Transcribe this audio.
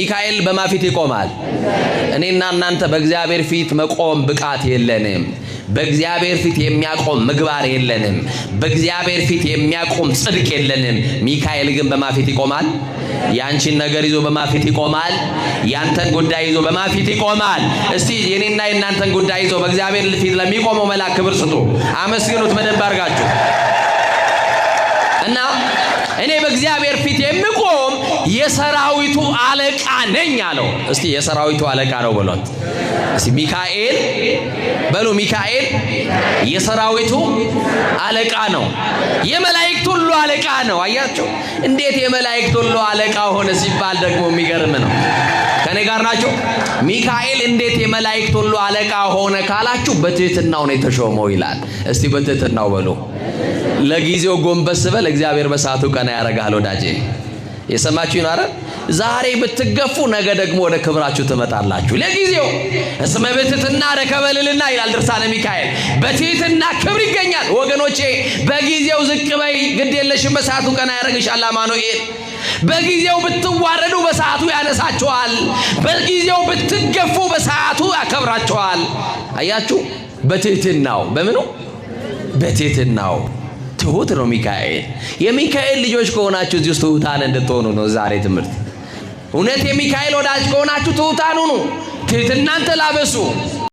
ሚካኤል በማፊት ይቆማል። እኔና እናንተ በእግዚአብሔር ፊት መቆም ብቃት የለንም። በእግዚአብሔር ፊት የሚያቆም ምግባር የለንም። በእግዚአብሔር ፊት የሚያቆም ጽድቅ የለንም። ሚካኤል ግን በማፊት ይቆማል። ያንቺን ነገር ይዞ በማፊት ይቆማል። ያንተን ጉዳይ ይዞ በማፊት ይቆማል። እስቲ የኔና የእናንተን ጉዳይ ይዞ በእግዚአብሔር ፊት ለሚቆመው መልአክ ክብር ስጡ፣ አመስግኑት በደንብ አድርጋችሁ። በእግዚአብሔር ፊት የምቆም የሰራዊቱ አለቃ ነኝ አለው። እስቲ የሰራዊቱ አለቃ ነው በሏት። እስቲ ሚካኤል በሉ። ሚካኤል የሰራዊቱ አለቃ ነው። የመላእክት ሁሉ አለቃ ነው። አያችሁ እንዴት የመላእክት ሁሉ አለቃ ሆነ ሲባል ደግሞ የሚገርም ነው። ከኔ ጋር ናችሁ? ሚካኤል እንዴት የመላእክት ሁሉ አለቃ ሆነ ካላችሁ በትህትናው ነው የተሾመው ይላል። እስቲ በትህትናው በሉ ለጊዜው ጎንበስ በል፣ እግዚአብሔር በሰዓቱ ቀና ያደርጋል። ወዳጄ የሰማችሁ ነው። ዛሬ ብትገፉ ነገ ደግሞ ወደ ክብራችሁ ትመጣላችሁ። ለጊዜው እስመ ብትሕትና ረከበልልና ይላል ድርሳነ ሚካኤል። በትህትና ክብር ይገኛል። ወገኖቼ በጊዜው ዝቅ በይ፣ ግድ የለሽም። በሰዓቱ ቀና ያደርግሻል አማኑኤል። በጊዜው ብትዋረዱ በሰዓቱ ያነሳችኋል። በጊዜው ብትገፉ በሰዓቱ ያከብራችኋል። አያችሁ፣ በትሕትናው በምኑ በትህትናው ትሁት ነው ሚካኤል። የሚካኤል ልጆች ከሆናችሁ እዚህ ውስጥ ትሁታን እንድትሆኑ ነው ዛሬ ትምህርት። እውነት የሚካኤል ወዳጅ ከሆናችሁ ትሁታን ሁኑ፣ ትህትናን ተላበሱ።